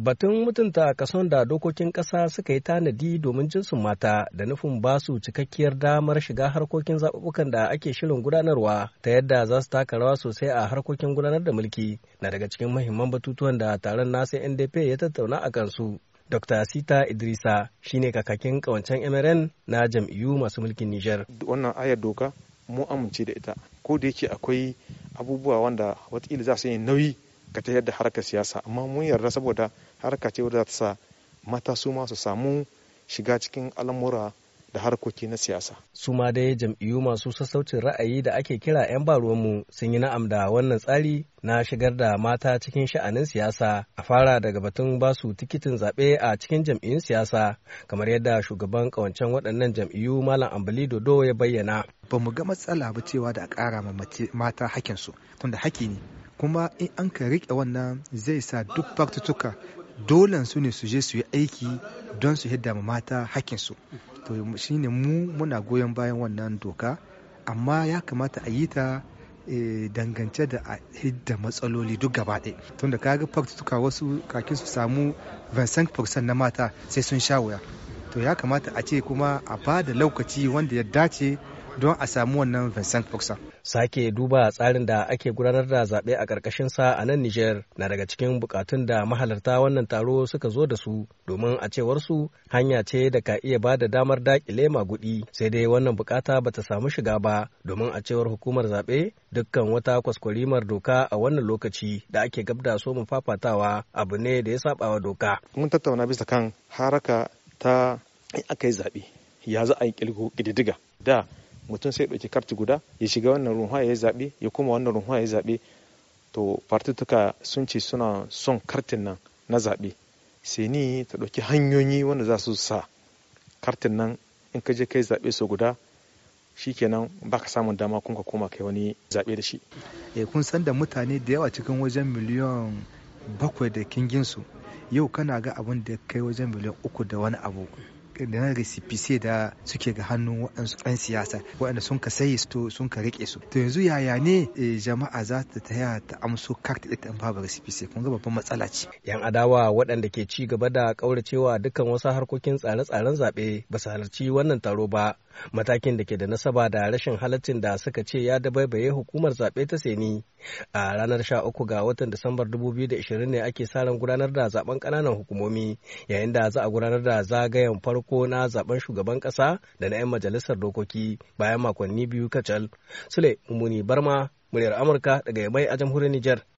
batun mutunta kason da dokokin ƙasa suka yi tanadi domin jinsin mata da nufin ba su cikakkiyar damar shiga harkokin zaɓuɓɓukan da ake shirin gudanarwa ta yadda za su taka rawa sosai a harkokin gudanar da mulki na daga cikin mahimman batutuwan da taron nasa ndp ya tattauna a kansu Dr. Sita Idrisa shine kakakin kawancen MRN na jam'iyyu masu mulkin Nijar. Wannan ayar doka mu amince da ita ko da yake akwai abubuwa wanda watakila za su yi nauyi ka ta yadda harkar siyasa amma mun yarda saboda harka ce wadda ta sa mata su ma su samu shiga cikin al'amura da harkoki na siyasa. Su ma dai jam'iyyu masu sassaucin ra'ayi da ake kira 'yan baruwanmu sun yi na'am da wannan tsari na shigar da mata cikin sha'anin siyasa a fara daga batun basu tikitin zaɓe a cikin jam'iyyun siyasa kamar yadda shugaban ƙawancen waɗannan jam'iyyu Malam Ambali Dodo ya bayyana. Ba mu ga matsala ba cewa da a ƙara ma mata hakinsu tunda haki ne kuma in an ka riƙe wannan zai sa duk faktutuka dole su ne su je su yi aiki don su hidda ma mata hakinsu to ne mu muna goyon bayan wannan doka amma ya kamata a yi ta eh, dangance da a hidda matsaloli duk gaba ɗaya tunda kaga faktutuka wasu kakin su samu 25% na mata sai sun sha wuya to ya kamata a ce kuma a ba da lokaci wanda ya dace don a samu wannan Vincent Foxa. Sake duba tsarin da ake gudanar da zaɓe a ƙarƙashinsa a nan Nijar na daga cikin bukatun da mahalarta wannan taro suka zo da su domin a cewarsu hanya ce da ka iya ba da damar daƙile maguɗi sai dai wannan bukata ba ta samu shiga ba domin a cewar hukumar zaɓe dukkan wata kwaskwarimar doka a wannan lokaci da ake gabda so mu fafatawa abu ne da ya saba wa doka. Mun tattauna bisa kan haraka ta aka yi zaɓe ya za a yi ƙididdiga da mutum sai ɗauki karti guda ya shiga wannan runhuwa ya zaɓe ya kuma wannan runhuwa ya zaɓe to partituka sun ce suna son kartin nan na zaɓe sai ni ta ɗauki hanyoyi wanda za su sa kartin nan in ka je kai zaɓe su guda shi shikenan baka samun dama kun ka koma kai wani zaɓe da shi. E, kun san da mutane da yawa cikin wajen miliyan bakwai da su yau kana ga abin da kai wajen miliyan uku da wani abu na sai da suke ga hannun waɗansu ɗan siyasa waɗanda sun ka sayi to sun ka rike su to yanzu yaya ne e, jama'a za ta taya ta amso kart ɗin ta babu recipice kun ga babban matsala ce yan adawa waɗanda ke ci gaba da ƙauracewa dukkan wasu harkokin tsare-tsaren zaɓe ba su halarci wannan taro ba matakin da ke da nasaba da rashin halaccin da suka ce ya dabaibaye hukumar zaɓe ta seni a ranar 13 ga watan disambar 2020 ne ake sa ran gudanar da zaben ƙananan hukumomi yayin da za a gudanar da zagayen farko farko na zaben shugaban ƙasa da na 'yan majalisar dokoki bayan makonni biyu kacal. Sule Mumuni Barma, muryar Amurka daga Yamai a jamhuriyar Nijar.